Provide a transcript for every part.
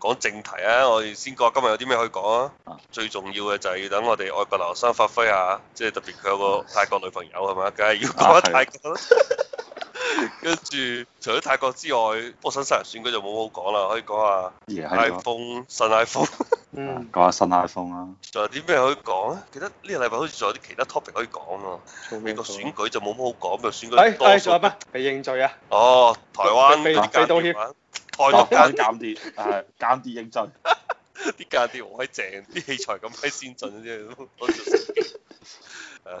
講正題啊！我哋先講今日有啲咩可以講啊！啊，最重要嘅就係等我哋外國留學生發揮下，即係特別佢有個泰國女朋友係嘛，梗係要講下泰國。跟住、啊、除咗泰國之外，波新新人、嗯啊啊、選舉就冇好講啦，可以講下 iPhone 新 iPhone。講下新 iPhone 啦。仲有啲咩可以講咧？記得呢個禮拜好似仲有啲其他 topic 可以講啊！美國選舉就冇乜好講，咁就選舉。誒，大家做乜？嚟認罪啊！哦，台灣被道開咗、 啊、間諜，係間諜，認真，啲間諜，好閪正，啲器材咁閪先進啫。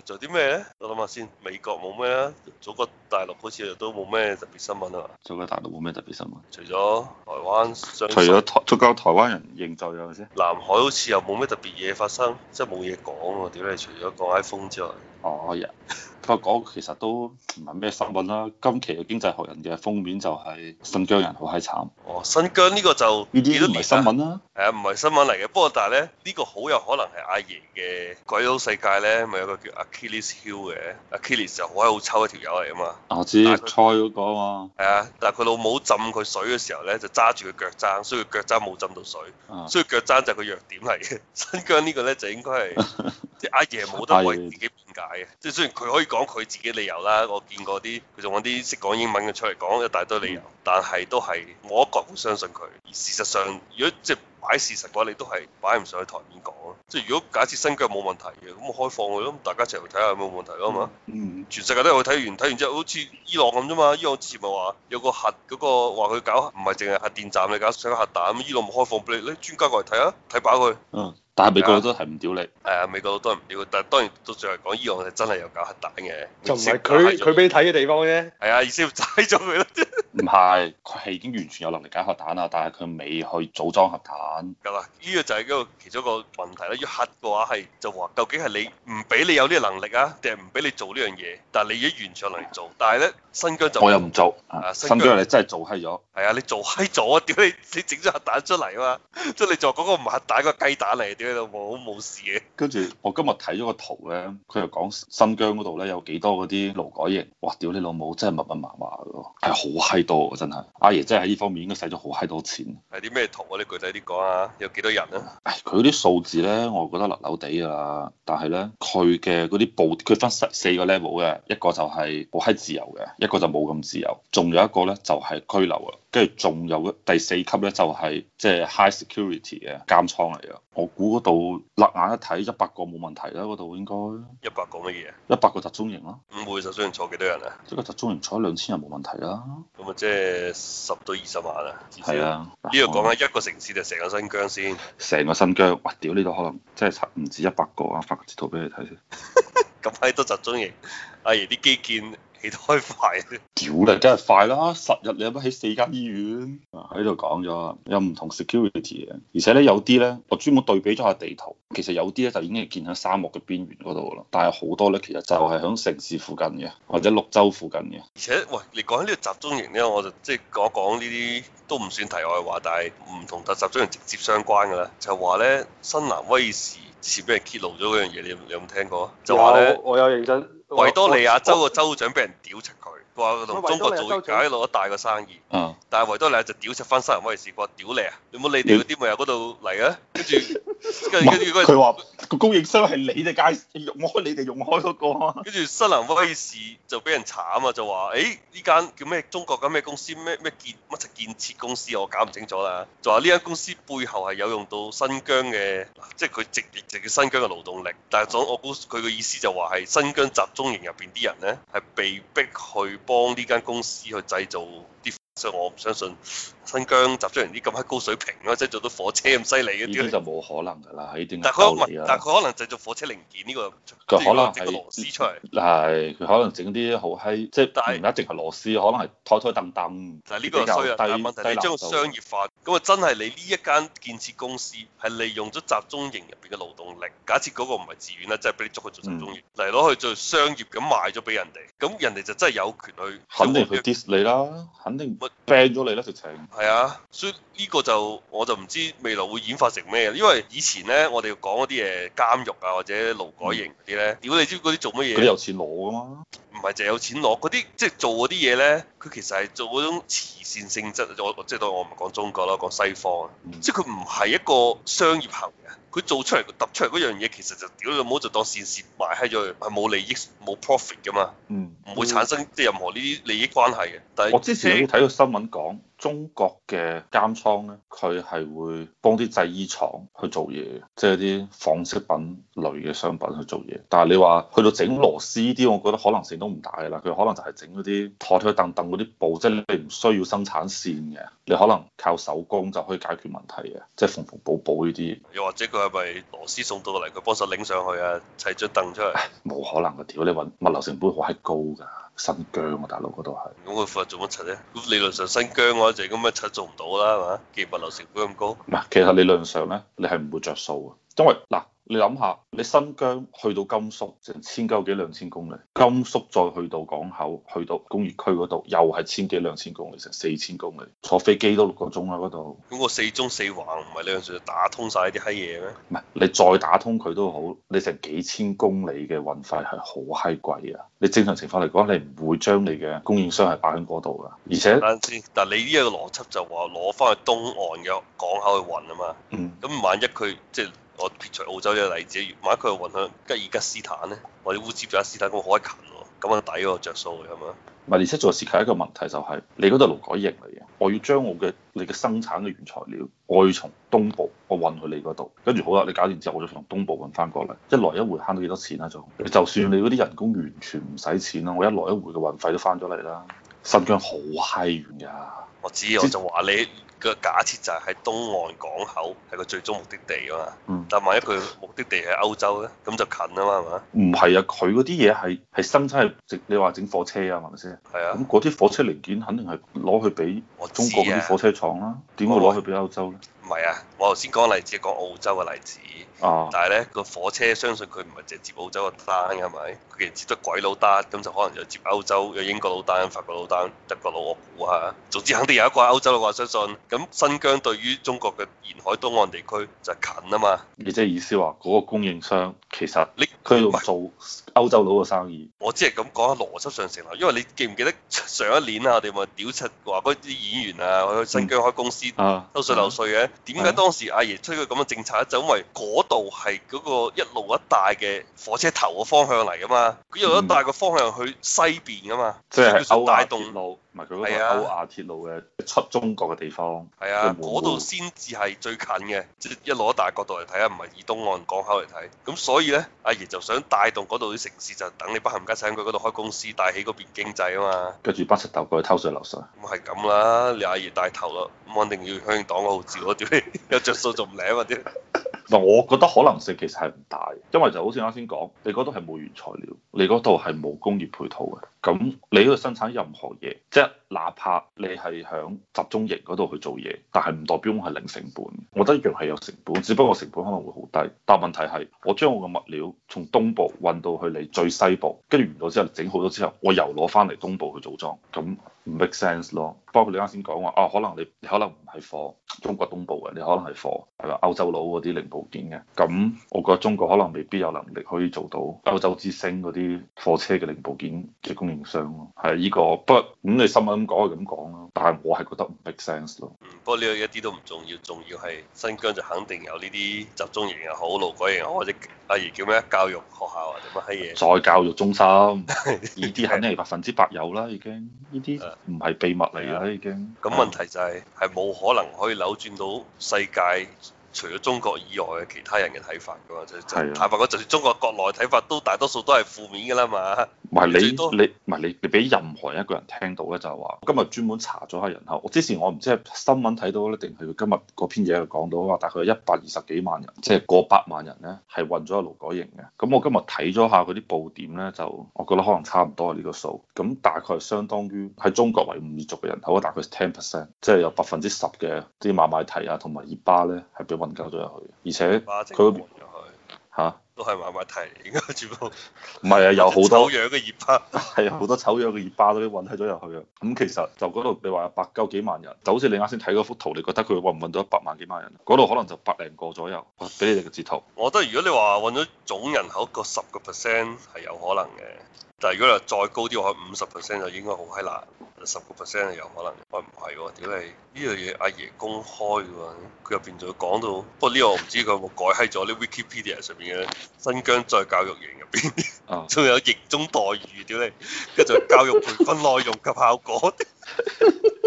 誒做啲咩咧？我諗下先，美國冇咩啊？祖國大陸好似都冇咩特別新聞啊？祖國大陸冇咩特別新聞，新聞除咗台灣除，除咗足夠台灣人認罪有咪先？南海好似又冇咩特別嘢發生，即係冇嘢講喎。點解，除咗講 iPhone 之外，哦啊。不過講其實都唔係咩新聞啦。今期嘅經濟學人嘅封面就係新疆人好閪慘。哦，新疆呢個就呢啲都唔係新聞啦、啊。係啊，唔係新聞嚟嘅。不過但係咧，呢、呢個好有可能係阿爺嘅鬼佬世界咧，咪有個叫。阿 Killis heel 嘅，阿 k 基里斯就，好閪好抽一條友嚟啊嘛，我知，塞嗰個啊嘛，係啊，但係佢老母浸佢水嘅時候咧，就揸住佢腳踭，所以佢腳踭冇浸到水，啊、所以腳踭就係個弱點嚟嘅。新疆個呢個咧就應該係， 即阿爺冇得為自己。 解即係雖然佢可以講佢自己理由啦，我見過啲，佢仲揾啲識講英文嘅出嚟講一大堆理由，嗯、但係都係我一覺唔相信佢。而事實上，如果即係擺事實嘅話，你都係擺唔上去台面講。即係如果假設新疆冇問題嘅，咁我開放佢咯，大家一齊去睇下有冇問題啊嘛。嗯、全世界都去睇完，睇完之後好似伊朗咁啫嘛。伊朗之前咪話有個核嗰、嗰個話佢搞唔係淨係核電站你搞，上核彈，伊朗咪開放俾你，專家過嚟睇下，睇飽佢。嗯。但係美國佬都係唔屌你，係啊美國佬都係唔屌，但係當然到最後講呢樣係真係有搞核彈嘅，就唔係佢佢俾你睇嘅地方啫，係啊意思要踩咗佢啦。唔係，佢係已經完全有能力解核彈啦，但係佢未去組裝核彈。咁啊，呢、這個就係嗰其中一個問題啦。要核嘅話係就話，究竟係你唔俾你有呢個能力啊，定係唔俾你做呢樣嘢？但係你已經完全有能力做，但係咧新疆就我又唔做，啊、新疆你真係做閪咗。係啊，你做閪咗，屌你！你整咗核彈出嚟啊嘛，即係你做嗰個唔核彈、就是、個雞蛋嚟你老母冇事嘅，跟住我今日睇咗個圖咧，佢又講新疆嗰度咧有幾多嗰啲勞改營，哇！屌你老母真係密密麻麻咯，係好閪多㗎，真係，阿爺，爺真係喺呢方面應該使咗好閪多錢。係啲咩圖啊？你具體啲講啊，有幾多人啊？唉、哎，佢嗰啲數字咧，我覺得漏漏地㗎啦。但係咧，佢嘅嗰啲步，佢分四個 level 嘅，一個就係好閪自由嘅，一個就冇咁自由，仲有一個咧就係、是、拘留啊。跟住仲有第四級咧，就係即係 high security 嘅監倉嚟嘅。我估嗰度擸眼一睇一百個冇問題啦、啊，嗰度應該一百個乜嘢？一百個集中營咯、啊。五會集中營坐幾多人啊？一個集中營坐兩千人冇問題啦。咁啊，即係十到二十萬啊。係啊，呢度講緊一個城市就成個新疆先？成、嗯、個新疆哇！屌呢度可能即係唔止一百個啊！發個截圖俾你睇先。咁閪都集中營，阿爺啲基建。幾多快啊？屌啦，梗係快啦！十日你有冇起四間醫院？啊，喺度講咗，有唔同 security 嘅，而且咧有啲咧，我專門對比咗下地圖，其實有啲咧就已經係建喺沙漠嘅邊緣嗰度噶啦，但係好多咧其實就係喺城市附近嘅，或者綠洲附近嘅。而且喂，你講起呢個集中營咧，我就即係講一講呢啲都唔算題外話，但係唔同特集中營直接相關嘅咧，就係話咧新南威士。前俾人揭露咗嗰樣嘢，你有冇聽過啊？就話、是、咧，我有認真維多利亞州個州長俾人屌柒佢，話佢同中國做搞啲攞一大個生意。但係維多利亞、嗯、就屌柒翻三人威士佢話屌你啊！有冇你哋嗰啲咪喺嗰度嚟啊？跟住，跟住，跟住佢話個供應商係你哋介用開，你哋用開嗰、嗰個。跟住新南威士就俾人查啊嘛，就話，誒呢間叫咩？中國嘅咩公司？咩咩建乜建設公司？我搞唔清楚啦。就話呢間公司背後係有用到新疆嘅，即係佢直接直嘅新疆嘅勞動力。但係總我估佢嘅意思就話係新疆集中營入邊啲人咧，係被逼去幫呢間公司去製造啲。所以我唔相信新疆集中營啲咁閪高水平咯、啊，即係做到火車咁犀利嗰啲。呢啲就冇可能㗎啦，喺點但佢可能，佢可能製造火車零件呢、這個，可能整個螺絲出嚟。係，佢可能整啲好閪，就是、但即係唔一定係螺絲，可能係拖拖掟掟。但係呢個衰啊，但問題就係你將個商業化，咁啊真係你呢一間建設公司係利用咗集中營入邊嘅勞動力，假設嗰個唔係自願啦，即係俾你捉去做集中營，嚟攞、嗯、去做商業咁賣咗俾人哋，咁人哋就真係有權去。肯定去 dis 你啦！肯定。病咗你咧，直情係啊，所以呢個就我就唔知未來會演化成咩，因為以前咧我哋要講一啲誒監獄啊或者勞改營嗰啲咧，屌、嗯、你知唔知做乜嘢？嗰啲有錢攞噶嘛？唔係淨係有錢攞嗰啲，即係做嗰啲嘢咧，佢其實係做嗰種慈善性質。我即係當我唔講中國啦，講西方，嗯、即係佢唔係一個商業行嘅，佢做出嚟佢突出嚟嗰樣嘢，其實就屌你，你唔好就當善事埋喺咗，係冇利益冇 profit 噶嘛，唔、嗯、會產生即係任何呢啲利益關係嘅。但係我之前睇過新聞講。中國嘅監倉咧，佢係會幫啲製衣廠去做嘢，即係啲紡織品類嘅商品去做嘢。但係你話去到整螺絲呢啲，我覺得可能性都唔大嘅啦。佢可能就係整嗰啲枱枱凳凳嗰啲布，即係你唔需要生產線嘅，你可能靠手工就可以解決問題嘅，即係縫縫補補呢啲。又或者佢係咪螺絲送到嚟，佢幫手擰上去啊？砌張凳出嚟？冇可能啊！屌你話物流成本好閪高㗎。新疆啊，大佬嗰度係，咁佢份做乜柒咧？咁理論上新疆我哋就咁樣柒做唔到啦，係嘛？既然物流成本咁高，唔其實理論上咧，你係唔會着數啊。因為嗱，你諗下，你新疆去到甘肅成千幾兩千公里，甘肅再去到港口，去到工業區嗰度，又係千幾兩千公里，成四千公里，坐飛機都六個鐘啦嗰度。咁個四縱四橫唔係你想打通晒啲閪嘢咩？唔係，你再打通佢都好，你成幾千公里嘅運費係好閪貴啊！你正常情況嚟講，你唔會將你嘅供應商係擺喺嗰度噶。而且，等等，但你呢一個邏輯就話攞翻去東岸嘅港口去運啊嘛。嗯。咁萬一佢即係。我撇除澳洲嘅例子，如果佢又運向吉爾吉斯坦咧，或者烏茲別克斯坦咁，好近喎，咁啊抵喎，着數嘅係咪？唔係，而且仲有涉及一個問題就係、是，你嗰度勞改營嚟嘅，我要將我嘅你嘅生產嘅原材料，我要從東部我運去你嗰度，跟住好啦，你搞掂之後，我就從東部運翻過嚟，一來一回慳到幾多錢啊？就？就算你嗰啲人工完全唔使錢啦，我一來一回嘅運費都翻咗嚟啦。新疆好閪遠㗎。我知，我就話你。個假設就係喺東岸港口係個最終目的地啊嘛，嗯、但係萬一佢目的地係歐洲咧，咁就近啊嘛，係嘛？唔係啊，佢嗰啲嘢係係生產直，你話整火車係係係啊，係咪先？係啊，咁嗰啲火車零件肯定係攞去俾中國啲火車廠啦，啊、點、啊、會攞去俾歐洲咧？唔係啊！我頭先講例子，講澳洲嘅例子。哦。但係咧，個火車相信佢唔係直接澳洲嘅單嘅，係咪？佢其實接得鬼佬單，咁就可能又接歐洲、有英國佬單、法國佬單、德國佬。我估下，總之肯定有一個喺歐洲嘅話，相信咁新疆對於中國嘅沿海東岸地區就近啊嘛。你即係意思話，嗰個供應商其實你佢做歐洲佬嘅生意？不是 我只係咁講下邏輯上成立，因為你記唔記得上一年啊？我哋咪屌柒話嗰啲演員啊，去新疆開公司、嗯、都算漏稅嘅。點解當時阿爺，爺推出咁嘅政策咧？就是，因為嗰度係嗰個一路一帶嘅火車頭嘅方向嚟㗎嘛，佢一路一帶嘅方向去西邊㗎嘛，即係勾拉鐵路。唔係佢嗰個歐亞鐵路嘅出中國嘅地方，係啊，嗰度先至係最近嘅，即係一攞大角度嚟睇啊，唔係以東岸港口嚟睇。咁所以咧，阿爺就想帶動嗰度啲城市，就等你北韓家產佢嗰度開公司，帶起嗰邊經濟啊嘛。跟住北石頭過去偷稅漏稅。咁係咁啦，你阿爺帶頭咯，咁肯定要響黨嘅號召 啊，屌有着數就唔叻啊，屌！嗱，我覺得可能性其實係唔大，因為就好似啱先講，你嗰度係冇原材料，你嗰度係冇工業配套嘅，咁你嗰度生產任何嘢，即係哪怕你係喺集中營嗰度去做嘢，但係唔代表我係零成本。我覺得一樣係有成本，只不過成本可能會好低。但問題係，我將我嘅物料從東部運到去你最西部，跟住完咗之後整好咗之後，我又攞翻嚟東部去組裝，咁。唔 make sense 咯，包括你啱先講話，啊可能你可能唔係貨，中國東部嘅，你可能係貨，係咪？歐洲佬嗰啲零部件嘅，咁我覺得中國可能未必有能力可以做到歐洲之星嗰啲貨車嘅零部件嘅供應商咯，係呢個，不過咁你心諗咁講係咁講咯。但係我係覺得唔 make sense 咯。嗯，不過呢個一啲都唔重要，重要係新疆就肯定有呢啲集中營又好，勞改營又好，或者例如叫咩教育學校或者乜嘢。再教育中心，呢啲 肯定係百分之百有啦，已經。呢啲唔係秘密嚟啦，已經。咁、嗯、問題就係係冇可能可以扭轉到世界除咗中國以外嘅其他人嘅睇法噶嘛，就就坦白講，就算中國國內睇法都大多數都係負面噶啦嘛。唔係你你唔係你你俾任何一個人聽到咧，就係話，今日專門查咗下人口。我之前我唔知係新聞睇到咧，定係佢今日嗰篇嘢講到話，大概有一百二十幾萬人，即係過百萬人咧，係運咗入勞改營嘅。咁我今日睇咗下佢啲報點咧，就我覺得可能差唔多係呢個數。咁大概係相當於喺中國維吾爾族嘅人口，大概係 ten percent，即係有百分之十嘅啲馬馬提啊，同埋熱巴咧，係被運走咗入去，而且佢。吓，啊、都係麻麻地，應該主要唔係啊，有好多醜樣嘅熱巴， 係啊，好多醜樣嘅熱巴都揾係咗入去啊。咁其實就嗰度，你話百九幾萬人，就好似你啱先睇嗰幅圖，你覺得佢揾唔揾到一百萬幾萬人？嗰度可能就百零個左右。我俾你哋嘅截圖。我覺得如果你話揾咗總人口個十個 percent 係有可能嘅，但係如果又再高啲，我覺得五十 percent 就應該好閪難。十個 percent 有可能，喂唔係喎，屌你！呢樣嘢阿爺公開嘅喎，佢入邊仲要講到，不過呢個我唔知佢有冇改喺咗啲 Wikipedia 上面嘅新疆再教育營入邊，仲、oh. 有營中待遇，屌你，跟住仲有教育培訓內容及效果。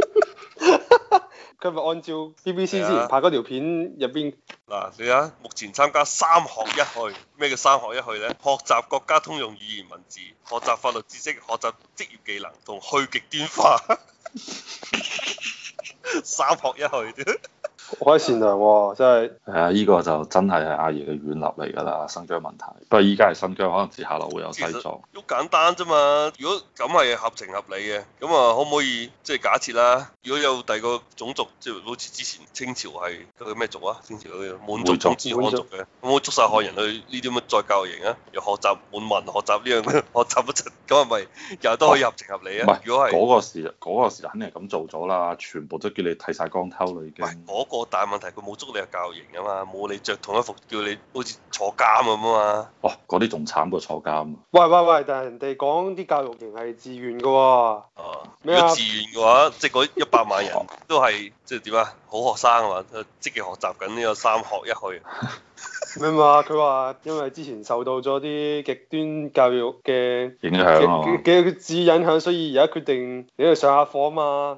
佢咪按照 BBC、啊、之前拍嗰條片入邊嗱，你睇下，目前參加三學一去，咩叫三學一去咧？學習國家通用語言文字，學習法律知識，學習職業技能同去極端化， 三學一去 好閪善良、啊、真係係啊！依、這個就真係係阿爺嘅軟肋嚟㗎啦，新疆問題。不過依家係新疆，可能接下落會有西藏。好簡單啫嘛！如果咁係合情合理嘅，咁啊可唔可以即係假設啦？如果有第二個種族，即係好似之前清朝係嗰咩族啊？清朝嗰個滿族，滿族，族、漢族嘅，會族可唔可以捉晒漢人去呢啲乜再教營啊？又學習滿文學習、這個呵呵、學習呢樣、學習乜柒，咁啊咪又都可以合情合理啊？如果係嗰個時候，嗰、那個時候肯定係咁做咗啦，全部都叫你剃晒光頭啦已經。唔大問題，佢冇捉你入教育營啊嘛，冇你着同一服，叫你好似坐監咁啊嘛。哇、哦，嗰啲仲慘過坐監啊！喂喂喂，但係人哋講啲教育營係自願嘅喎。哦、啊。啊、如果自願嘅話，即係嗰一百萬人都係即係點啊？好學生啊嘛，積極學習緊呢個三學一去。唔係嘛？佢話因為之前受到咗啲極端教育嘅影響、啊幾，幾次影響，所以而家決定你度上下課啊嘛。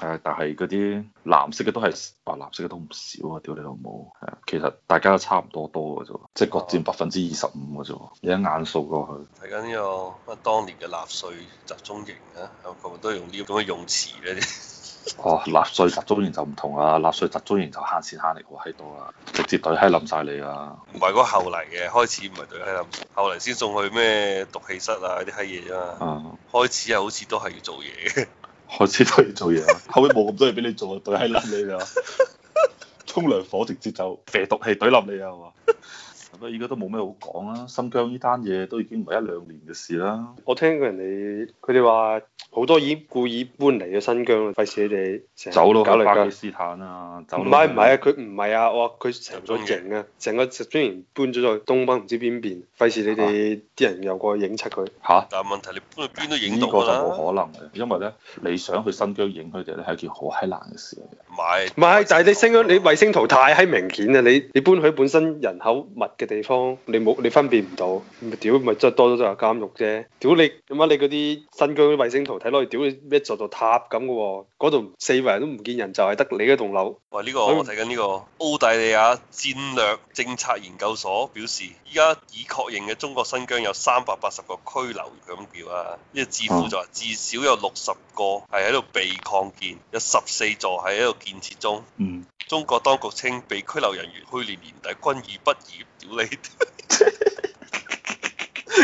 係，但係嗰啲藍色嘅都係，哇！藍色嘅都唔少啊，屌你老母！係啊，其實大家都差唔多多嘅啫，即係各佔百分之二十五嘅啫，而一眼掃過去。睇緊呢個乜當年嘅納粹集中營啊，個個都用呢啲咁嘅用詞咧。哇、 哦！納粹集中營就唔同啊，納粹集中營就慳錢慳力喎喺度啊，直接懟閪淋晒你啊！唔係嗰後嚟嘅，開始唔係懟閪淋，後嚟先送去咩毒氣室啊啲閪嘢啊，嘛。嗯、開始啊，好似都係要做嘢嘅。開始都要做嘢啊，後尾冇咁多嘢畀你做啊，懟閪爛你啊！沖涼火直接就肥毒氣，懟冧你啊，係嘛？咁啊，依家都冇咩好講啦。新疆呢單嘢都已經唔係一兩年嘅事啦。我聽過人哋，佢哋話好多已經故意搬嚟嘅新疆，費事你哋走咯，到巴基斯坦啊，唔係唔係啊，佢唔係啊，我話佢成咗營啊，成個營搬咗去東北唔知邊邊，費事你哋啲、啊、人又過去影出佢嚇。但係問題你搬去邊都影到啦。呢、啊、個就冇可能嘅，啊、因為咧你想去新疆影佢哋咧係一件好閪難嘅事。唔係唔係，就係是你新疆，你衛星圖太閪明顯啊！你你搬佢本身人口密嘅地方，你冇你分辨唔到，咪屌咪即係多咗就係監獄啫。屌你，咁啊你嗰啲新疆啲衛星圖睇落去，屌你咩一座座塔咁嘅喎，嗰度四圍都唔見人，就係得你嗰棟樓。哇！呢個我睇緊呢個，澳大利亞戰略政策研究所表示，依家已確認嘅中國新疆有三百八十個拘留，咁叫啊。呢個智庫就話至少有六十個係喺度被擴建，有十四座喺喺度建設中。嗯。中國當局稱，被拘留人員去年年底均已畢業。屌你！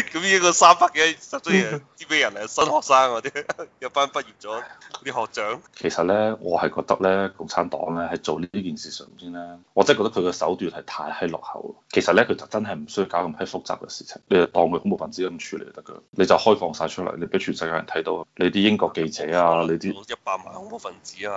咁樣個三百幾十億人。啲咩人嚟？新學生嗰、啊、啲， 一班畢業咗啲 學長。其實咧，我係覺得咧，共產黨咧喺做呢件事上邊咧，我真係覺得佢嘅手段係太閪落後。其實咧，佢就真係唔需要搞咁閪複雜嘅事情，你就當佢恐怖分子咁處理就得㗎。你就開放晒出嚟，你俾全世界人睇到，你啲英國記者啊，你啲一百萬恐怖分子啊，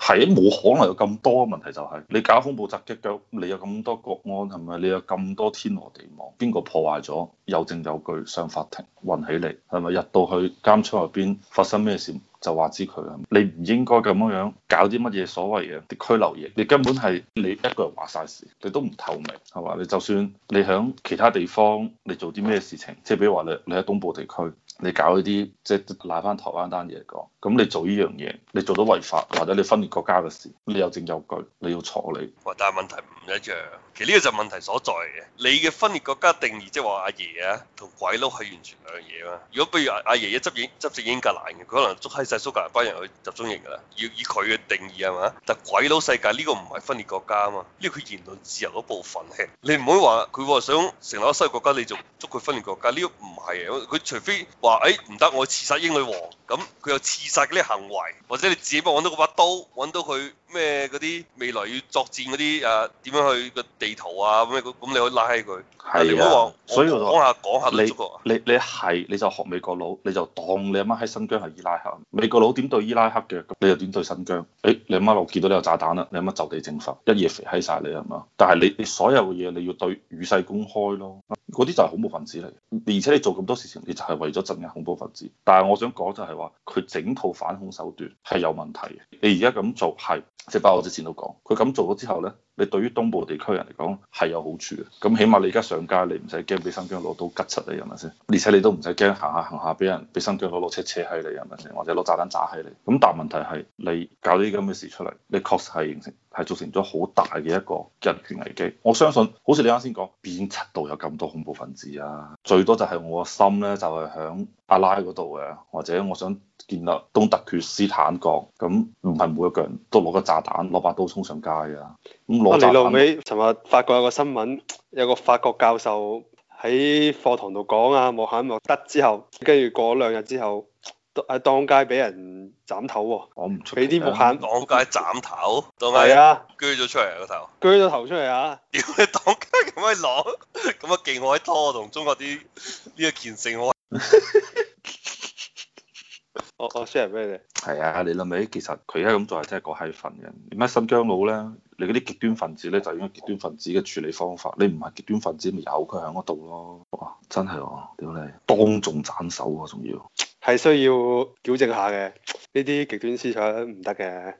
係啊，冇可能有咁多問題就係、是、你搞恐怖襲擊嘅，你有咁多國安係咪？你有咁多天羅地網，邊個破壞咗有證有據上法庭運起嚟？係咪入到去監倉入邊發生咩事就話知佢啊？你唔應該咁樣樣搞啲乜嘢所謂嘅啲拘留嘢，你根本係你一個人話晒事，你都唔透明，係嘛？你就算你喺其他地方你做啲咩事情，即係比如話你你喺東部地區。你搞呢啲即係賴翻台灣單嘢嚟講，咁你做呢樣嘢，你做到違法或者你分裂國家嘅事，你有證有據，你要坐你。但係問題唔一樣，其實呢個就係問題所在嘅。你嘅分裂國家定義即係話阿爺啊同鬼佬係完全兩樣嘢啊。如果譬如阿阿爺爺執政英格蘭嘅，佢可能捉閪曬蘇格蘭班人去集中營㗎啦。要以佢嘅定義係嘛。但係鬼佬世界呢個唔係分裂國家啊嘛。呢個佢言論自由嗰部分，你唔好話佢話想成立一個新國家，你就捉佢分裂國家。呢個唔係啊，佢除非。話誒唔得，我刺殺英女王，咁佢又刺殺嗰啲行為，或者你自己揾到嗰把刀，揾到佢。咩嗰啲未來要作戰嗰啲誒點樣去個地圖啊？咩咁咁你可以拉佢。係是、啊、所以我講下講下都你你係你，你就學美國佬，你就當你阿媽喺、啊、新疆係伊拉克。美國佬點對伊拉克嘅，你又點對新疆。誒、哎，你阿媽又、啊、見到你有炸彈啦，你阿媽、啊、就地正法，一夜肥閪曬你係嘛？但係你你所有嘅嘢你要對與世公開咯。嗰啲就係恐怖分子嚟，而且你做咁多事情，你就係為咗鎮壓恐怖分子。但係我想講就係話，佢整套反恐手段係有問題嘅。你而家咁做係。即係包括我之前都講，佢咁做咗之後咧。你對於東部地區人嚟講係有好處嘅，咁起碼你而家上街你唔使驚俾新疆攞刀吉出嚟，係咪先？而且你都唔使驚行下行下俾人俾新疆攞攞車車係你，係咪先？或者攞炸彈炸係你？咁但問題係你搞呢啲咁嘅事出嚟，你確實係形成係造成咗好大嘅一個人權危機。我相信好似你啱先講，邊七度有咁多恐怖分子啊？最多就係我個心咧就係響阿拉嗰度嘅，或者我想建立東突厥斯坦國，咁唔係每一個人都攞個炸彈攞把刀衝上街啊！咁啊！你老味，尋日法國有個新聞，有個法國教授喺課堂度講啊，穆罕默德之後，跟住過咗兩日之後，當街、哦、啊，啊當街俾人斬頭喎！我唔出俾啲莫肯當街斬頭，都係啊，鋸咗出嚟個頭，鋸咗頭出嚟啊！屌你當街咁樣攞，咁啊勁海拖同中國啲呢個虔誠我。 我我 share 俾你。係啊，你諗下，其實佢而家咁做係真係嗰係份人。點解新疆佬咧？你嗰啲極端分子咧，就應該極端分子嘅處理方法。你唔係極端分子，咪有佢喺嗰度咯。哇！真係，我屌你，當眾斬手啊，仲要。係需要矯正下嘅，呢啲極端思想唔得嘅。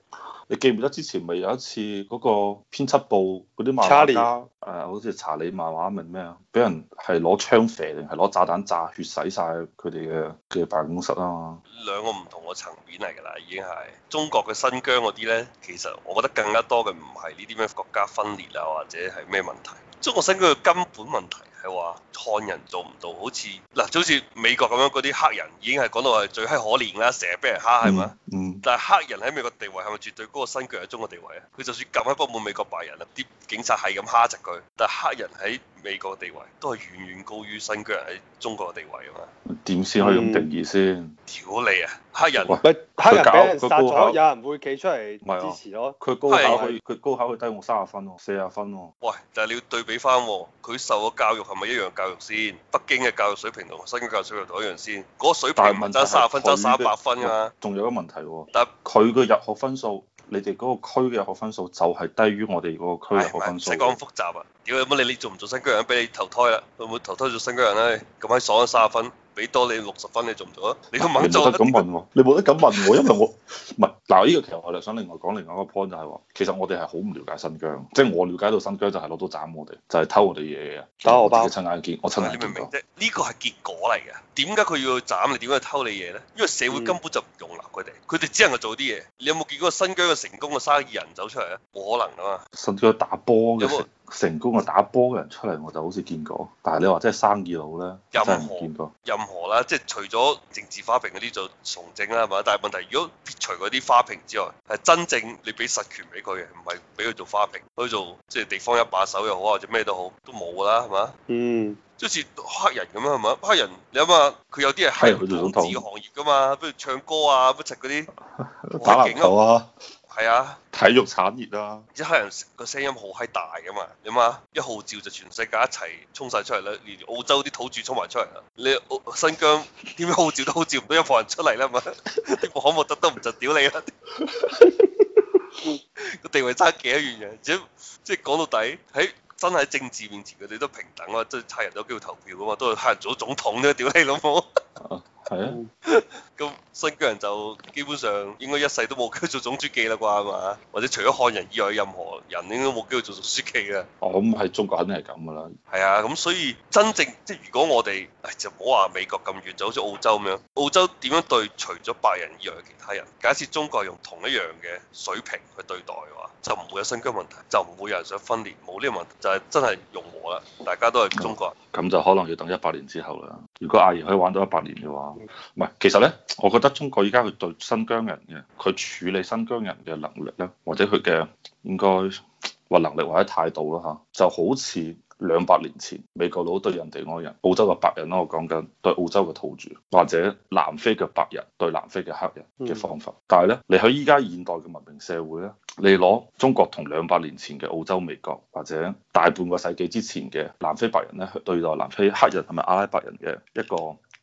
你記唔記得之前咪有一次嗰個編輯部嗰啲漫畫家誒查理、啊，好似查理漫畫咪咩啊？俾人係攞槍射定係攞炸彈炸，血洗曬佢哋嘅嘅辦公室啊！兩個唔同嘅層面嚟㗎啦，已經係中國嘅新疆嗰啲咧，其實我覺得更加多嘅唔係呢啲咩國家分裂啊，或者係咩問題？中國新疆嘅根本問題。係話漢人做唔到，好似嗱就好似美國咁樣，嗰啲黑人已經係講到係最閪可憐啦，成日俾人蝦係嘛？嗯。但係黑人喺美國地位係咪絕對高過新疆人喺中國地位啊？佢就算撳喺一部份美國白人啊，啲警察係咁蝦窒佢，但係黑人喺美國地位都係遠遠高於新疆人喺中國嘅地位㗎嘛？點先可以用定義先？屌你、嗯、啊！黑人喂，黑人俾人殺咗，有人會企出嚟支持我。佢、啊、高考佢高考佢低我三十分喎，四十分喎、哦。喂，但係你要對比翻喎，佢受咗教育唔係一樣教育先，北京嘅教育水平同新疆教育水平同一樣先，嗰、嗰個水平唔爭三十分爭三百分㗎嘛。仲有一個問題喎、啊，但係佢嘅入學分數，你哋嗰個區嘅入學分數就係低於我哋嗰個區嘅入學分數。唔使講咁複雜啊！屌乜你你做唔做新疆人？俾你投胎啦，會唔會投胎做新疆人咧？咁閪爽啊，三十分。俾多你六十分你做做，你做唔做啊？你咁猛 你冇得咁問喎。你冇得咁問我，因為我唔係。嗱，呢個其實我哋想另外講另外一個 point 就係話，其實我哋係好唔了解新疆，即係我了解到新疆就係攞刀斬我哋，就係偷我哋嘢啊，但我，我自己親眼見，我親眼見過。你明唔明啫？呢個係結果嚟嘅，點解佢要去斬你？點解去偷你嘢咧？因為社會根本就唔容納佢哋，佢哋只能夠做啲嘢。你有冇見過新疆嘅成功嘅生意人走出嚟啊？冇可能啊嘛！新疆打波嘅。有成功嘅打波嘅人出嚟我就好似見過，但係你話真係生意佬咧，真係唔見過。任何啦，即係除咗政治花瓶嗰啲做從政啦係嘛？但係問題如果撇除嗰啲花瓶之外，係真正你俾實權俾佢嘅，唔係俾佢做花瓶，佢做即係地方一把手又好或者咩都好，都冇㗎啦係嘛？嗯，即好似黑人咁樣係嘛？黑人你諗下，佢有啲係同字嘅行業㗎嘛？不如唱歌啊，不如嗰啲打籃球啊。係啊，體育產業啊。而家黑人個聲音好閪大噶嘛，點啊？一號召就全世界一齊衝晒出嚟啦，連澳洲啲土著衝埋出嚟啦，你澳新疆點樣號召都號召唔到一夥人出嚟啦嘛，一夥可唔可得都唔就屌你啊？個地位差幾多遠嘅、啊，即係講到底，喺真係政治面前佢哋都平等啊，即係黑人都有機會投票噶嘛，都係黑人做咗總統都、啊、屌你老母。啊係是啊，咁 新疆人就基本上應該一世都冇機會做總書記啦啩嘛，或者除咗漢人以外任何人，人應該冇機會做總書記噶。哦，咁喺中國肯定係咁噶啦。係啊，咁所以真正即係如果我哋、哎、就唔好話美國咁遠，就好似澳洲咁樣，澳洲點樣對除咗白人以外嘅其他人？假設中國用同一樣嘅水平去對待嘅話，就唔會有新疆問題，就唔會有人想分裂，冇呢個問題，就係、是、真係融和啦，大家都係中國人。咁、嗯嗯、就可能要等一百年之後啦。如果阿爺可以玩到一百年嘅話。唔係，其實咧，我覺得中國依家佢對新疆人嘅佢處理新疆人嘅能力咧，或者佢嘅應該或能力或者態度啦嚇，就好似兩百年前美國佬對人哋愛人、澳洲嘅白人咯，我講緊對澳洲嘅土著，或者南非嘅白人對南非嘅黑人嘅方法。嗯、但係咧，你喺依家現代嘅文明社會咧，你攞中國同兩百年前嘅澳洲、美國，或者大半個世紀之前嘅南非白人咧，對待南非黑人同埋阿拉伯人嘅一個，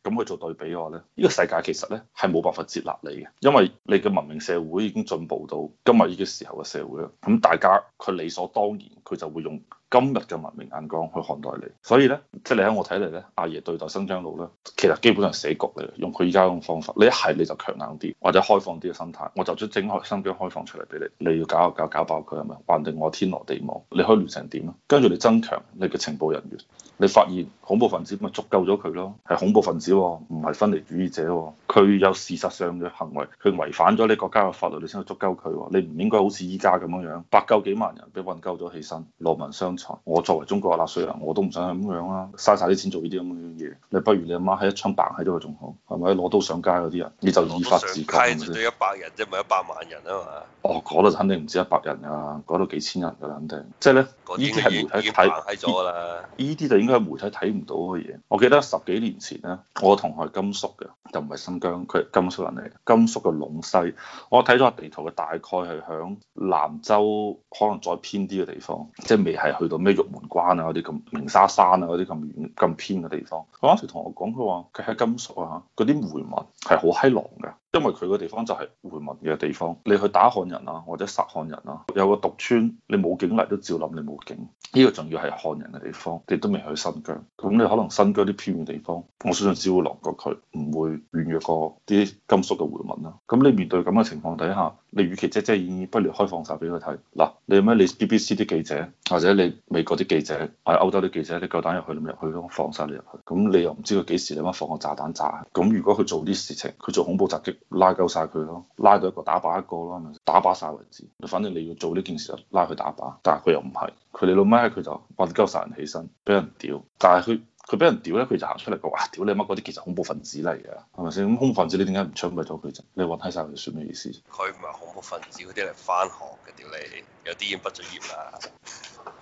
咁去做對比嘅話咧，呢、這個世界其實咧係冇辦法接納你嘅，因為你嘅文明社會已經進步到今日呢個時候嘅社會啦。咁、嗯、大家佢理所當然，佢就會用今日嘅文明眼光去看待你。所以咧，即係你喺我睇嚟咧，阿爺對待新疆佬咧，其實基本上死局嚟嘅。用佢而家嗰種方法，你一係你就強硬啲，或者開放啲嘅心態，我就將整開新疆開放出嚟俾你，你要搞搞，搞爆佢係咪？還定我天羅地網，你可以亂成點啦？跟住你增強你嘅情報人員。你發現恐怖分子咪啊，捉夠咗佢咯，係恐怖分子喎、哦，唔係分離主義者喎、哦，佢有事實上嘅行為，佢違反咗你國家嘅法律，你先去捉鳩佢、哦，你唔應該好似依家咁樣樣，百鳩幾萬人俾運鳩咗起身，勞民傷財，我作為中國嘅納稅人，我都唔想係咁樣啦、啊，嘥晒啲錢做呢啲咁嘅嘢，你不如你阿媽喺一槍白喺度，仲好，係咪攞刀上街嗰啲人，你就依法治救。對一百人即係咪一百萬人啊嘛。哦，嗰度肯定唔止一百人啊，嗰度幾千人嘅、啊、肯定，即係咧，依啲係媒體睇咗啦，依啲就應該。喺媒體睇唔到嗰個嘢，我記得十幾年前咧，我同學係甘肅嘅，就唔係新疆，佢係甘肅人嚟嘅，甘肅嘅隴西，我睇咗個地圖嘅大概係響蘭州，可能再偏啲嘅地方，即係未係去到咩玉門關啊嗰啲咁，那那鳴沙山啊嗰啲咁遠咁偏嘅地方。佢嗰時同我講，佢話佢喺甘肅啊，嗰啲回民係好閪狼嘅。因為佢個地方就係回民嘅地方，你去打漢人啊，或者殺漢人啊，有個獨村，你冇警嚟都照諗你冇警，呢、這個仲要係漢人嘅地方，你都未去新疆，咁你可能新疆啲偏遠地方，我相信只會難過佢，唔會軟弱過啲甘肅嘅回民啦、啊。咁你面對咁嘅情況底下，你與其遮遮掩掩，不如開放晒俾佢睇，嗱，你有咩你 BBC 啲記者，或者你美國啲記者，或者歐洲啲記者，你夠膽入去你咪入去咯，放晒你入去，咁你，你，你又唔知佢幾時你媽放個炸彈炸，咁如果佢做啲事情，佢做恐怖襲擊。拉夠晒佢咯，拉到一個打靶一個咯，咪打靶晒為止。反正你要做呢件事就拉佢打靶，但係佢又唔係，佢你老媽佢就發鳩晒人起身，俾人屌。但係佢佢俾人屌咧，佢就行出嚟講話屌你乜鬼，啲其實恐怖分子嚟嘅，係咪先？咁恐怖分子你點解唔槍斃咗佢啫？你揾睇晒佢算咩意思？佢唔係恐怖分子，佢啲嚟翻學嘅屌你，有啲已經畢咗業啦。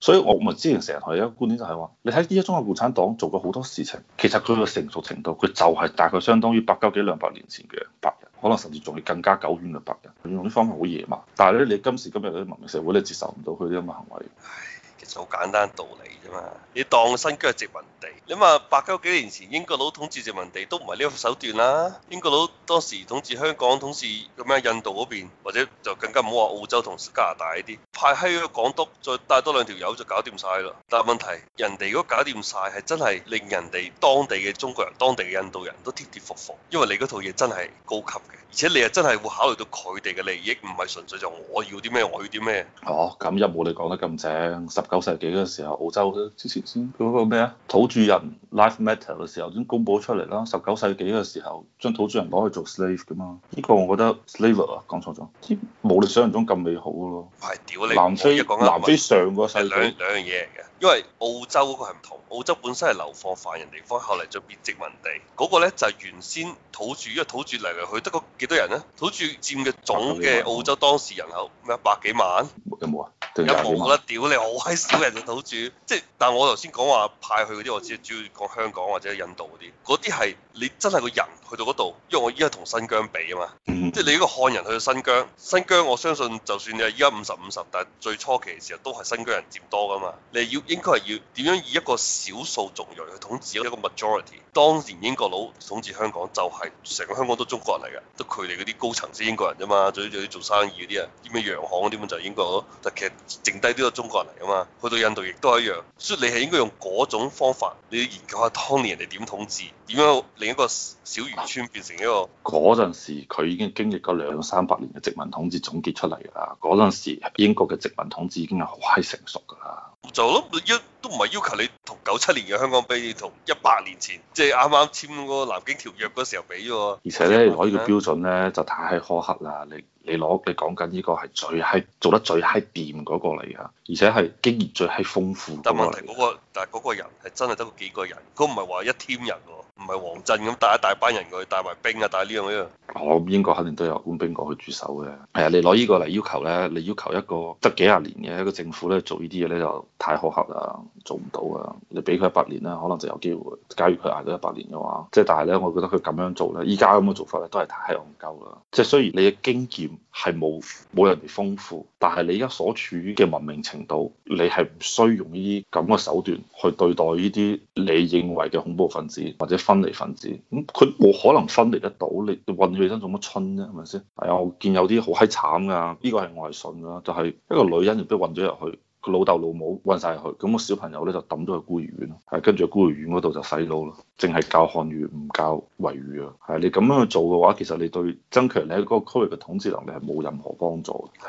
所以我咪之前成日同一個觀點就係話，你睇呢一中嘅共產黨做過好多事情，其實佢個成熟程度，佢就係大概相當於百幾幾兩百年前嘅白人，可能甚至仲係更加久遠嘅白人，用呢方法好野蠻。但係咧，你今時今日啲文明社會你接受唔到佢啲咁嘅行為。就好簡單道理啫嘛，你當新疆殖民地，你諗下百幾年前英國佬統治殖民地都唔係呢個手段啦，英國佬當時統治香港、統治咁樣印度嗰邊，或者就更加唔好話澳洲同加拿大呢啲，派喺個港督再帶多兩條友就搞掂晒啦。但係問題，人哋如果搞掂晒，係真係令人哋當地嘅中國人、當地嘅印度人都貼貼服服，因為你嗰套嘢真係高級嘅，而且你又真係會考慮到佢哋嘅利益，唔係純粹就我要啲咩，我要啲咩。哦，咁又冇你講得咁正。九世紀嘅時候，澳洲之前先嗰個咩啊，土著人 Life Matter 嘅時候已經公佈出嚟啦。十九世紀嘅時候，將土著人攞去做 slave 㗎嘛，呢、這個我覺得 slave 啊講錯咗，冇你想象中咁美好咯。係屌你！南非，南非上個世紀係兩兩樣嘢嚟嘅。因為澳洲嗰個係唔同，澳洲本身係流放犯人地方，後嚟就變殖民地。嗰個呢就係原先土著，因為土著嚟嚟去，得個幾多人呢？土著佔嘅總嘅澳洲當時人口咩百幾萬？有冇啊？有冇㗎？屌你，好閪少人嘅土著，即係但我頭先講話派去嗰啲，我只係主要講香港或者印度嗰啲，嗰啲係你真係個人去到嗰度，因為我依家同新疆比啊嘛，即係你呢個漢人去到新疆，新疆我相信就算你係依家五十五十，但係最初期嘅時候都係新疆人佔多㗎嘛，你要。應該係要點樣以一個少數族裔去統治一個 majority？當年英國佬統治香港就係成個香港都中國人嚟嘅，得佢哋嗰啲高層先英國人啫嘛。做啲做生意嗰啲啊，啲咩洋行嗰啲咁就係英國咯。但其實剩低啲都係中國人嚟噶嘛。去到印度亦都係一樣，所以你係應該用嗰種方法。你要研究下當年人哋點統治，點樣令一個小漁村變成一個嗰陣時，佢已經經歷過兩三百年嘅殖民統治，總結出嚟噶啦。嗰陣時英國嘅殖民統治已經係好閪成熟噶啦。就都一都唔係要求你同九七年嘅香港比，同一百年前即係啱啱簽個南京條約嗰時候比喎、嗯。而且咧，攞呢、個標準咧就太閪苛刻啦。你你攞你講緊呢個係最係做得最閪掂嗰個嚟噶，而且係經驗最係豐富嗰個嚟。但係嗰個人係真係得個幾個人，佢唔係話一添人喎，唔係王振咁帶一大班人去，帶埋兵啊，帶呢樣呢樣。哦，英國肯定都有官兵過去駐守嘅。係啊，你攞呢個嚟要求咧，你要求一個得幾廿年嘅一個政府咧做呢啲嘢咧就太苛刻啦，做唔到啊！你俾佢一百年咧，可能就有機會。假如佢捱到一百年嘅話，即係但係咧，我覺得佢咁樣做咧，依家咁嘅做法咧都係太戇鳩啦。即係雖然你嘅經驗係冇冇人哋豐富。但係你而家所處於嘅文明程度，你係唔需用呢啲咁嘅手段去對待呢啲你認為嘅恐怖分子或者分離分子，咁佢冇可能分離得到，你運佢起身做乜春啫，係咪先？係、哎、啊，我見有啲好閪慘噶，呢、這個係我係信噶，就係、是、一個女人，亦都運咗入去，個老豆老母運晒入去，咁、那個小朋友咧就抌咗去孤兒院，係跟住孤兒院嗰度就洗腦咯，淨係教漢語，唔教維語啊，係你咁樣去做嘅話，其實你對增強你喺嗰個區域嘅統治能力係冇任何幫助嘅。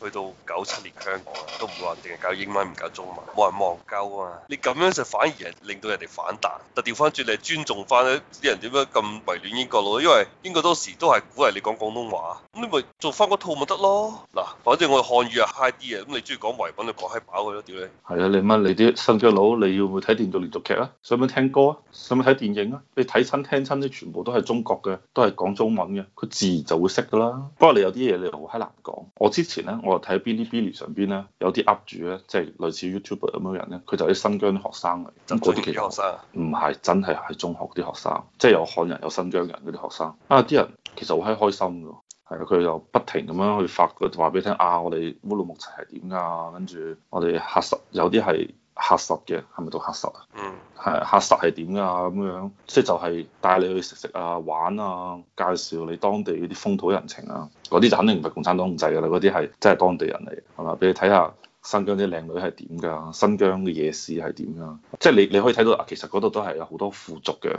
去到九七年香港、啊、都唔會話定係教英文唔教中文，冇人望鳩啊嘛！你咁樣就反而係令到人哋反彈。但調翻轉你尊重翻啲人點樣咁迷戀英國佬、啊，因為英國當時都係鼓勵你講廣東話、啊，咁你咪做翻嗰套咪得咯。嗱、啊，反正我漢語又嗨啲啊，咁你中意講維文你講嗨飽佢咯，屌你！係啊，你乜你啲新疆佬，你要唔要睇電視連續劇啊？想唔想聽歌啊？想唔想睇電影啊？你睇親聽親，啲全部都係中國嘅，都係講中文嘅，佢自然就會識噶啦。不過你有啲嘢你好嗨難講。我之前咧，我。我睇喺 Bilibili 上邊咧，有啲 up 主咧，即係類似 YouTuber 咁樣人咧，佢就係啲新疆啲學生嚟，嗰啲中學生，唔係，真係係中學啲學生，即係有漢人、有新疆人嗰啲學生。啊，啲人其實好開開心㗎，係啊，佢又不停咁樣去發個話俾你聽啊，我哋烏魯木齊係點啊，跟住我哋喀什，有啲係喀什嘅，係咪都喀什啊？嗯係，客實係點㗎咁樣，即係就係、是、帶你去食食啊、玩啊，介紹你當地啲風土人情啊，嗰啲就肯定唔係共產黨製㗎啦，嗰啲係真係當地人嚟，係嘛？俾你睇下新疆啲靚女係點㗎，新疆嘅夜市係點㗎？即、就、係、是、你你可以睇到啊，其實嗰度都係有好多富足嘅。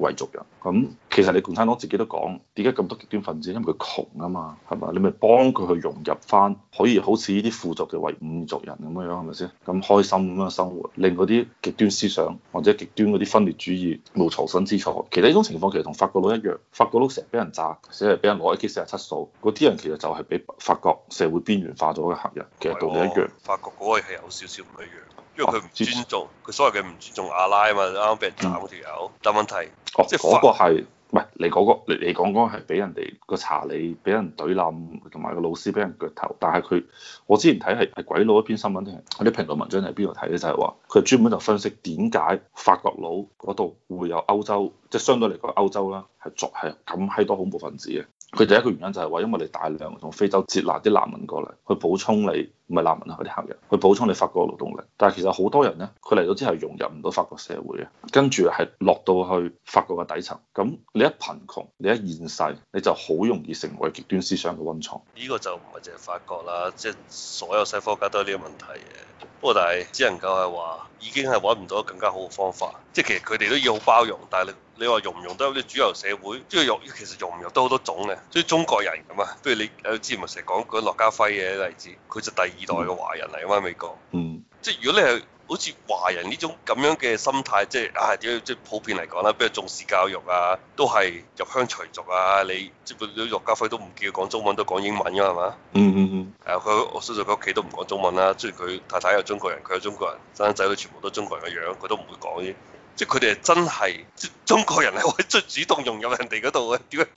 維族人咁，其實你共產黨自己都講，點解咁多極端分子？因為佢窮啊嘛，係嘛？你咪幫佢去融入翻，可以好似呢啲富族嘅維吾族人咁樣樣，係咪先？咁開心咁樣生活，令嗰啲極端思想或者極端嗰啲分裂主義無藏身之處。其實呢種情況其實同法國佬一樣，法國佬成日俾人炸，成日俾人攞一啲 AK47 數，嗰啲人其實就係俾法國社會邊緣化咗嘅客人，其實道理一樣。哦、法國嗰個係有少少唔一樣。因為佢唔尊重，佢、啊、所謂嘅唔尊重阿拉啊嘛，啱啱俾人斬嗰條友。但、嗯、問題，哦、即係法嗰個係，唔係你嗰、那、你、個、你講講係俾人哋個查理俾人懟冧，同埋個老師俾人腳頭。但係佢，我之前睇係係鬼佬一篇新聞，啲評論文章係邊度睇咧？就係話佢專門就分析點解法國佬嗰度會有歐洲，即、就、係、是、相對嚟講歐洲啦，係作係咁閪多恐怖分子嘅。佢第一個原因就係話，因為你大量從非洲接納啲難民過嚟，去補充你。唔係難民啊，嗰啲客人，佢補充你法國嘅勞動力，但係其實好多人咧，佢嚟到之後融入唔到法國社會嘅，跟住係落到去法國嘅底層，咁你一貧窮，你一現世，你就好容易成為極端思想嘅溫床。呢個就唔係淨係法國啦，即係所有西方國家都有呢個問題嘅。不過但係只能夠係話，已經係揾唔到更加好嘅方法。即係其實佢哋都要好包容，但係你你話容唔容得，啲主流社會，即係其實容唔容得好多種嘅。即係中國人咁啊，不如你有啲節目成日講講駱家輝嘅例子，佢就第。二代嘅華人嚟啊嘛，美國，嗯，即係如果你係好似華人呢種咁樣嘅心態，即係啊點樣即係普遍嚟講啦，比較重視教育啊，都係入鄉隨俗啊，你即係嗰啲駱家輝都唔叫佢講中文，都講英文㗎係嘛？嗯嗯嗯，誒佢、啊、我相信佢屋企都唔講中文啦，即係佢太太係中國人，佢係中國人，生仔女全部都中國人嘅樣，佢都唔會講啲。即係佢哋係真係中國人嚟，可以最主動融入人哋嗰度嘅。點解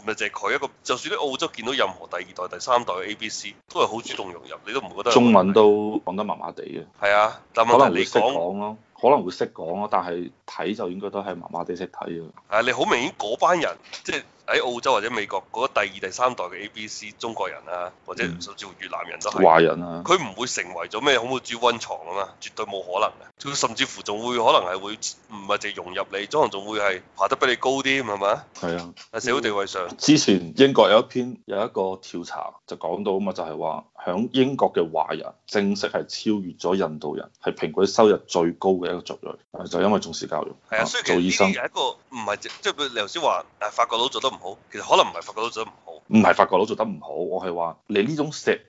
唔係淨係佢一個？就算喺澳洲見到任何第二代、第三代嘅 ABC，都係好主動融入，你都唔覺得中文都講得麻麻地嘅。係啊，但可能你講咯，可能會識講咯，但係睇就應該都係麻麻地識睇啊。係你好明顯嗰班人即係。喺澳洲或者美國嗰、那個、第二第三代嘅 A B C 中國人啊，或者甚至乎越南人都係華人啊，佢唔會成為咗咩恐怖主温牀啊嘛，絕對冇可能嘅。佢甚至乎仲會可能係會唔係淨係融入你，可能仲會係爬得比你高啲，係咪啊？係啊，喺社會地位上、嗯。之前英國有一篇有一個調查就講到啊嘛，就係話響英國嘅華人正式係超越咗印度人，係平均收入最高嘅一個族裔，就因為重視教育。係啊，啊，所以做醫生，啲而係一個唔係即係佢你頭先話啊法國佬做得好，其實可能唔係法國佬做得唔好，唔係法國佬做得唔好，我係話你呢種石，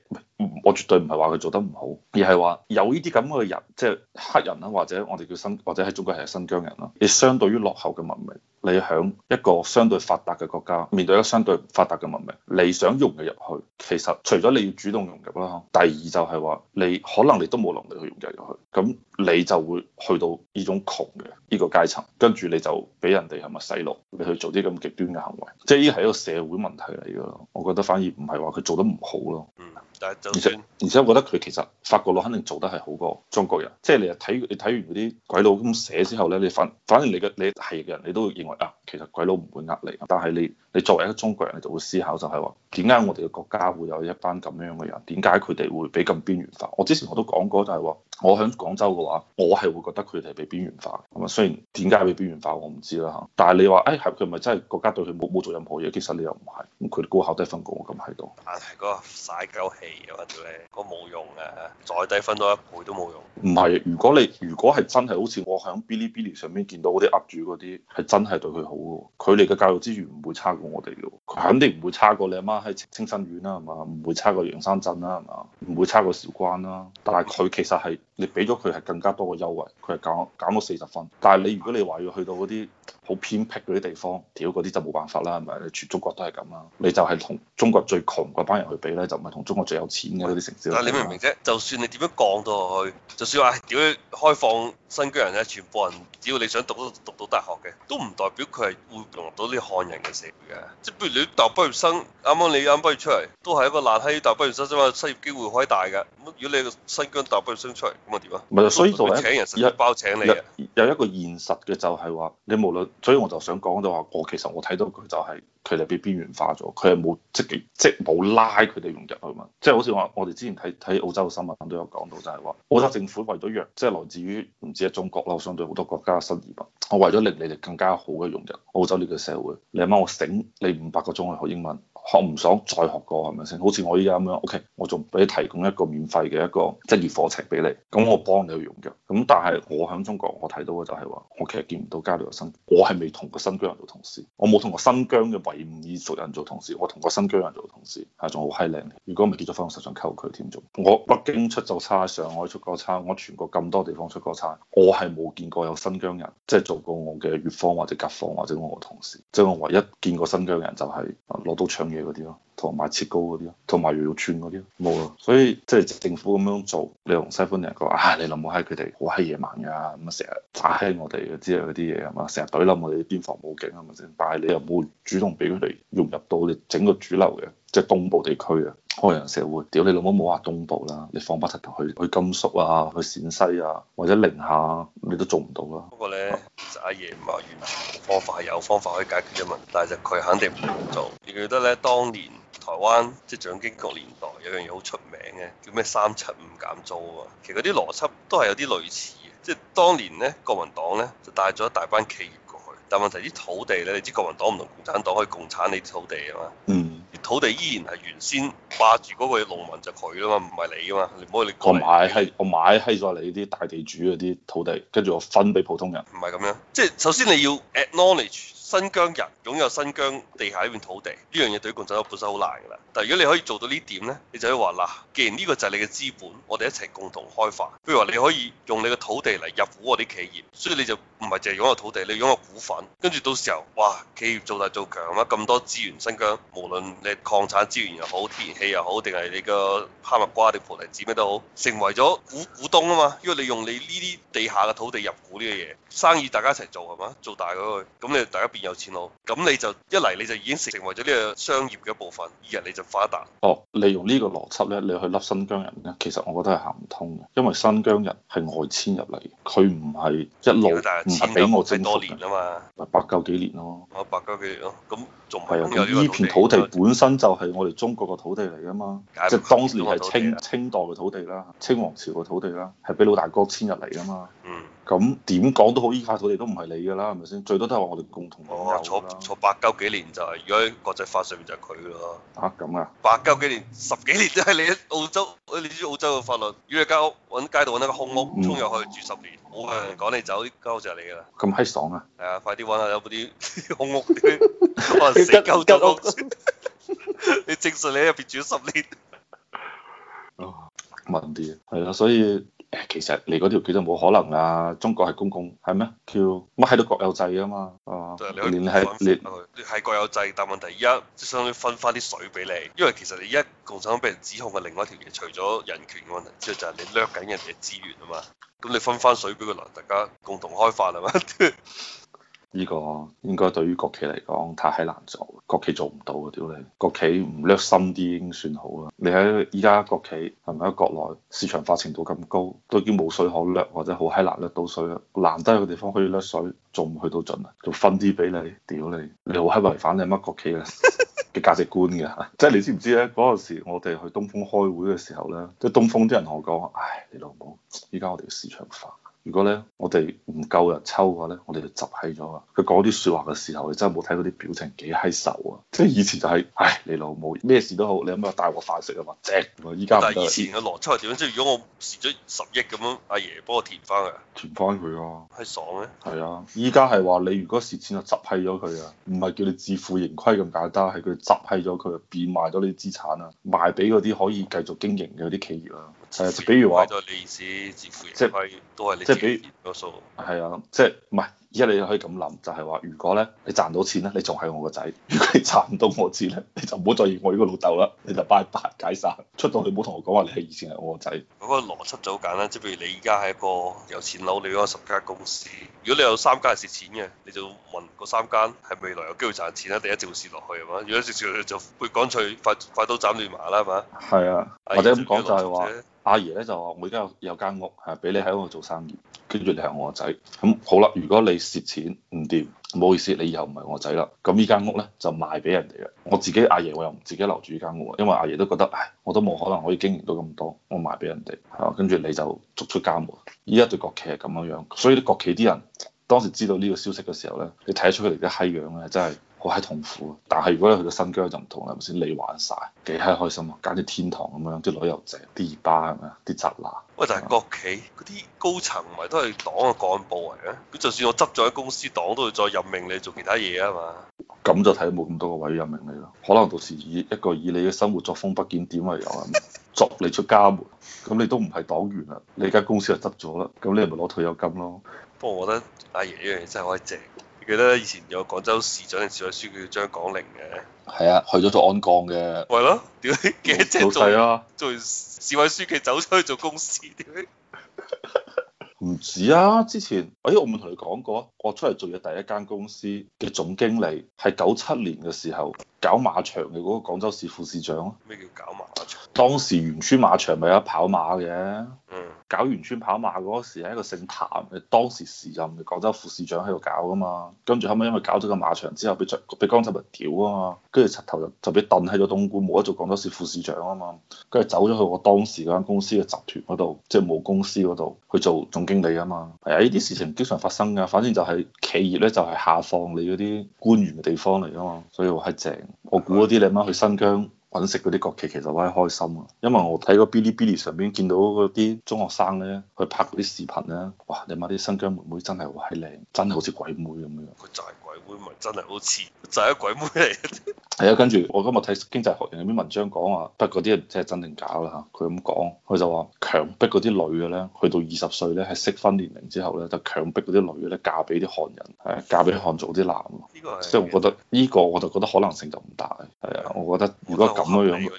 我絕對唔係話佢做得唔好，而係話有呢啲咁嘅人，即係黑人啦，或者我哋叫新，或者喺中國係新疆人啦，你相對於落後嘅文明。你喺一個相對發達嘅國家，面對一相對發達嘅文明，你想融入入去，其實除咗你要主動融入啦，第二就係話你可能你都冇能力去融入入去，咁你就會去到呢種窮嘅呢個階層，跟住你就俾人哋係咪洗腦？你去做啲咁極端嘅行為，即係呢係一個社會問題嚟㗎咯。我覺得反而唔係話佢做得唔好咯。嗯，但係而且而且我覺得佢其實法國佬肯定做得係好過中國人，即係你睇你睇完嗰啲鬼佬咁寫之後咧，你反反正你嘅你係嘅人你都會認。啊、其實鬼佬唔會呃你，但係你你作為一個中國人，你就會思考就係話，點解我哋嘅國家會有一班咁樣嘅人？點解佢哋會俾咁邊緣化？我之前我都講過就係話，我喺廣州嘅話，我係會覺得佢哋係被邊緣化。咁啊，雖然點解被邊緣化我唔知啦，但係你話，哎係佢係咪真係國家對佢冇冇做任何嘢？其實你又唔係，咁佢高考低分過我咁喺度。唉，嗰個嘥鳩氣嘅問題，嗰冇用嘅，再低分多一倍都冇用。唔係，如果你如果係真係好似我喺 Bilibili 上面見到嗰啲 up 主嗰啲，係真係。對佢好，佢哋嘅教育資源唔會差過我哋嘅，佢肯定唔會差過你阿媽喺清新苑啦，係嘛？唔會差過陽山鎮啦，係嘛？唔會差過韶關啦。但係佢其實係你俾咗佢係更加多嘅優惠，佢係減減咗四十分。但係你如果你話要去到嗰啲好偏僻嗰啲地方，屌嗰啲就冇辦法啦，係咪？你全中國都係咁啦，你就係同中國最窮嗰班人去比咧，就唔係同中國最有錢嘅嗰啲城市。但係你明唔明啫？就算你點樣降到落去，就算話屌開放新疆人咧，全部人只要你想讀都到大學嘅，都唔代。代表佢係會融入到呢漢人嘅社會嘅，即係譬如你啲大學畢業生，啱啱你啱畢業出嚟，都係一個爛閪大學畢業生，即係話失業機會可以大嘅。咁如果你個新疆大學畢業生出嚟，咁啊點啊？唔係，所以就請人承包請你。有一個現實嘅就係話，你無論，所以我就想講就係話，我其實我睇到佢就係佢哋被邊緣化咗，佢係冇積極，即係冇拉佢哋融入去嘛。即係、就是、好似我我哋之前睇睇澳洲新聞都有講到就，就係話澳洲政府為咗讓，即、就、係、是、來自於唔知係中國啦，相對好多國家失業物，我為咗令你哋更加好。去融入澳洲呢個社會，你阿媽，我醒你五百個鐘去學英文。學唔爽再學過係咪先？好似我依家咁樣，OK，我仲俾你提供一個免費嘅一個職業課程俾你，咁我幫你去用嘅。咁但係我喺中國我睇到嘅就係話，我其實見唔到交流生，我係未同個新疆人做同事，我冇同過新疆嘅維吾爾族人做同事，我同個新疆人做同事係仲好閪靚。如果唔係結咗婚，我實在溝佢添。做？我北京出咗差，上海出過差，我全國咁多地方出過差，我係冇見過有新疆人即係、就是、做過我嘅乙方或者甲方或者我嘅同事。即、就、係、是、我唯一見過新疆人就係攞刀搶嘢。啲咯，同埋切糕嗰啲咯，同埋羊肉串嗰啲冇咯，所以即係、就是、政府咁樣做，你同西方人講啊，你諗冇閪佢哋好閪野蠻㗎，咁啊成日炸閪我哋嘅之類嗰啲嘢係嘛？成日懟冧我哋啲、嗯、邊防武警係咪先？但係你又冇主動俾佢哋融入到你整個主流嘅，即、就、係、是、東部地區啊。開人社會，屌你老母冇話東部啦，你放把柒頭去去甘肅啊，去陝西啊，或者寧夏，你都做唔到啦。不過咧，其實阿爺唔話完方法，係有方法可以解決嘅問題，但係佢肯定唔做。你記得呢，當年台灣即係蔣經國年代有樣嘢好出名嘅，叫咩三七五減租啊。其實嗰啲邏輯都係有啲類似嘅，即係當年呢，國民黨呢，就帶咗一大班企業過去，但問題啲土地呢，你知國民黨唔同共產黨可以共產你啲土地啊嘛。嗯。土地依然係原先霸住嗰個農民就佢啊嘛，唔係你啊嘛，你唔好你。我買係我買係咗你啲大地主嗰啲土地，跟住我分俾普通人。唔係咁樣，即係首先你要 acknowledge。新疆人擁有新疆地下呢片土地，呢樣嘢對於共產黨本身好難噶啦。但係如果你可以做到呢點呢，你就可以話嗱、啊，既然呢個就係你嘅資本，我哋一齊共同開發。譬如話你可以用你嘅土地嚟入股我啲企業，所以你就唔係淨係擁有土地，你擁有股份。跟住到時候，哇！企業做大做強啦，咁多資源新疆，無論你礦產資源又好，天然氣又好，定係你個哈密瓜定提子咩都好，成為咗股股東啊嘛，因為你用你呢啲地下嘅土地入股呢個嘢。生意大家一齊做係嘛，做大嗰、嗰個，咁你大家變有錢佬，咁你就一嚟你就已經成成為咗呢個商業嘅一部分，二嚟你就發達。哦，利用呢個邏輯咧，你去笠新疆人咧，其實我覺得係行唔通嘅，因為新疆人係外遷入嚟，佢唔係一路唔係俾我整多，多年嘅嘛。咪百九幾年咯。啊、哦，八九幾年咯，咁仲係啊？佢呢片土地本身就係我哋中國嘅土地嚟啊嘛，當然 即係當時係清清代嘅土地啦，清王朝嘅土地啦，係俾老大哥遷入嚟啊嘛。嗯。咁點講都好，依家土地都唔係你㗎啦，係咪先？最多都係話我哋共同坐坐八九幾年就係如果喺國際法上面就係佢咯。嚇咁啊！八九幾年、十幾年都係你喺澳洲，你知澳洲嘅法律，如果你交屋揾街道揾一個空屋，衝入去住十年，冇人趕你走，啲交就係你㗎啦。咁閪爽啊！係啊，快啲揾下有冇啲空屋，我死鳩咗屋。你正常你喺入邊住咗十年。問啲啊，係啦，所以。其實嚟嗰條叫實冇可能啦、啊，中國係公共係咩叫乜喺都國有制㗎嘛，啊，連你喺你喺國有制，你但問題一，即相當於分翻啲水俾你，因為其實你一，共產黨俾人指控嘅另外一條嘢，除咗人權嘅問題之外就，就係你掠緊人哋嘅資源啊嘛，咁你分翻水俾佢，大家共同開發係嘛？ 呢個應該對於國企嚟講太閪難做，國企做唔到嘅，屌你！國企唔叻深啲已經算好啦。你喺依家國企係咪喺國內市場化程度咁高，都已經冇水可掠，或者好閪難掠到水啦。難得有個地方可以掠水，仲唔去到盡啊，仲分啲俾你，屌你！你好閪違反你乜國企嘅價 值觀嘅，即係你知唔知咧？嗰陣時我哋去東風開會嘅時候咧，即係東風啲人同我講，唉，你老母，依家我哋要市場化。如果咧，我哋唔夠日抽嘅話咧，我哋就執閪咗啊！佢講啲説話嘅時候，你真係冇睇嗰啲表情幾閪愁啊！即係以前就係、是，唉，你老母，咩事都好，你有咩大鑊飯食啊嘛，正啊！依家唔但係以前嘅邏輯係點樣？即係如果我蝕咗十億咁樣，阿爺，爺幫我填翻佢，填翻佢啊！係爽咩？係啊！依家係話你如果蝕錢就執閪咗佢啊，唔係叫你自負盈虧咁簡單，係佢執閪咗佢，變賣咗你啲資產啊，賣俾嗰啲可以繼續經營嘅嗰啲企業啊！係啊，就比如話，自負都係歷史即係都係即係比多數。係啊，即係唔係？而家你可以咁諗，就係話：如果咧你賺到錢咧，你仲係我個仔；如果你賺唔到我知咧，你就唔好再認我呢個老豆啦，你就拜拜解散。出到去唔好同我講話，你係以前係我個仔。嗰個邏輯就好簡單，即係譬如你而家係一個有錢佬，你嗰十間公司，如果你有三間係蝕錢嘅，你就問嗰三間係未來有機會賺錢咧，定一直蝕落去啊嘛？如果一直蝕就會乾脆快快刀斬亂麻啦，係嘛？係啊，或者咁講就係話。阿爺咧就話：我而家有有間屋，係俾你喺嗰度做生意。跟住你係我仔，咁好啦。如果你蝕錢唔掂，唔好意思，你以後唔係我仔啦。咁呢間屋咧就賣俾人哋啦。我自己阿爺我又唔自己留住呢間屋，因為阿爺都覺得，唉，我都冇可能可以經營到咁多，我賣俾人哋。係啊，跟住你就逐出家門。依家對國企係咁樣樣，所以啲國企啲人當時知道呢個消息嘅時候咧，你睇得出佢哋啲閪樣咧，真係。好閪痛苦，啊，但係如果你去到新疆就唔同啦，係咪先？你玩晒，幾閪開心啊，簡直天堂咁樣，啲旅遊者、啲巴咁樣、啲扎娜。喂，但係國企嗰啲高層唔係都係黨嘅幹部嚟嘅，咁就算我執咗喺公司，黨都會再任命你做其他嘢啊嘛。咁就睇冇咁多個位任命你咯，可能到時以一個以你嘅生活作風不檢點為由，逐 你出家門，咁你都唔係黨員啦，你間公司就執咗啦，咁你咪攞退休金咯。不過我覺得阿爺呢樣嘢真係好正。記得以前有廣州市長嘅市委書記叫張廣寧嘅，係啊，去咗做安鋼嘅，係咯，屌你，記者做，做市委書記走出去做公司，唔 止啊，之前，哎，我冇同你講過啊，我出嚟做嘢第一間公司嘅總經理係九七年嘅時候搞馬場嘅嗰個廣州市副市長，咩叫搞馬場？當時原村馬場咪有跑馬嘅。搞完村跑馬嗰時係一個姓譚嘅，當時時任廣州副市長喺度搞噶嘛，跟住後尾因為搞咗個馬場之後被著被江澤民屌啊嘛，跟住頭就就俾蹲喺咗東莞，冇得做廣州市副市長啊嘛，跟住走咗去我當時嗰間公司嘅集團嗰度，即係母公司嗰度去做總經理啊嘛。係啊，呢啲事情經常發生噶，反正就係企業咧就係下放你嗰啲官員嘅地方嚟啊嘛，所以話係正，我估嗰啲你啱啱去新疆。揾食嗰啲國企其實我係開心啊，因為我睇個 Bilibili 上面見到嗰啲中學生呢，去拍嗰啲視頻呢，哇！你問啲新疆妹妹真係好閪靚，真係好似鬼妹咁樣，佢就係。真係好似，就係一鬼妹嚟。係啊，跟住我今日睇經濟學人有啲文章講話，不過嗰啲人真係真定假啦嚇。佢咁講，佢就話強逼嗰啲女嘅咧，去到二十歲咧係適婚年齡之後咧，就強逼嗰啲女嘅咧嫁俾啲漢人，係嫁俾漢族啲男。呢個即係我覺得呢個我就覺得可能性就唔大。係啊，我覺得如果咁樣唔係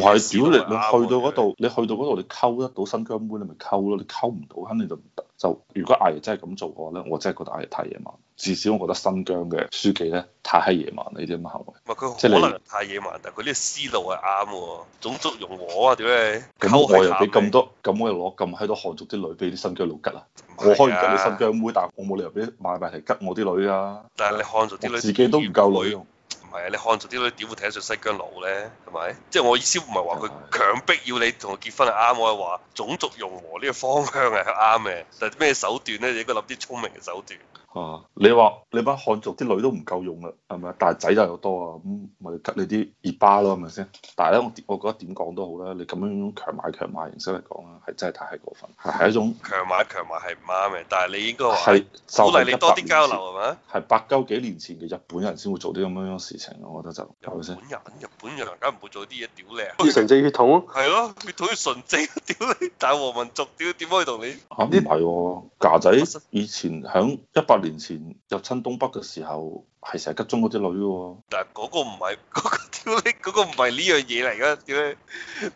屌你，你去到嗰度，你去到嗰度，你溝得到新疆妹你咪溝咯，你溝唔到肯定就唔得。就如果阿爺真係咁做嘅話咧，我真係覺得阿爺太嘢嘛。至少我覺得新疆嘅書記咧，太閪野蠻。你呢啲咁嘅唔係，佢可能太野蠻，但係佢啲思路係啱喎，種族融合點咧？咁我又俾咁多，咁、嗯、我又攞咁閪多漢族啲女俾啲新疆佬吉啊！啊我開唔到你新疆妹，但係我冇理由俾買埋嚟吉我啲女啊！但係你漢族啲女，自己都唔夠女。唔係啊！你漢族啲女點會睇得上新疆佬咧？係咪？即係我意思唔係話佢強逼要你同佢結婚係啱，就是、我係話種族融合呢個方向係啱嘅。但係咩手段咧？你應該諗啲聰明嘅手段。啊！你話你班漢族啲女都唔夠用啦，係咪啊？但係仔又多啊，咁咪得你啲熱巴咯，係咪先？但係咧，我我覺得點講都好啦，你咁樣樣強買強賣形式嚟講咧，係真係太過分，係係一種強買強賣係唔啱嘅。但係你應該話鼓勵你多啲交流係咪啊？係百鳩幾年前嘅日本人先會做啲咁樣嘅事情，我覺得就係咪先？日本人，日本人梗唔會做啲嘢屌你啊！成隻血統係咯，血統要純正屌你，大和民族屌點可以同你？啲係㗎仔，以前響一八年前入侵東北嘅時候，係成日吉中嗰隻女喎。但係嗰個唔係嗰個挑釁，嗰個唔係呢樣嘢嚟㗎。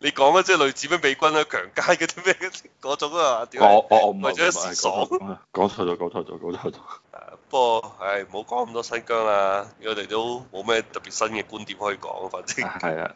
你講啊，即係類似咩美軍啊強姦嗰啲咩嗰種啊。我我我唔係講錯咗，講錯咗，講錯咗、 啊。不過，唉，唔好講咁多新疆啦，我哋都冇咩特別新嘅觀點可以講，反正。係啦。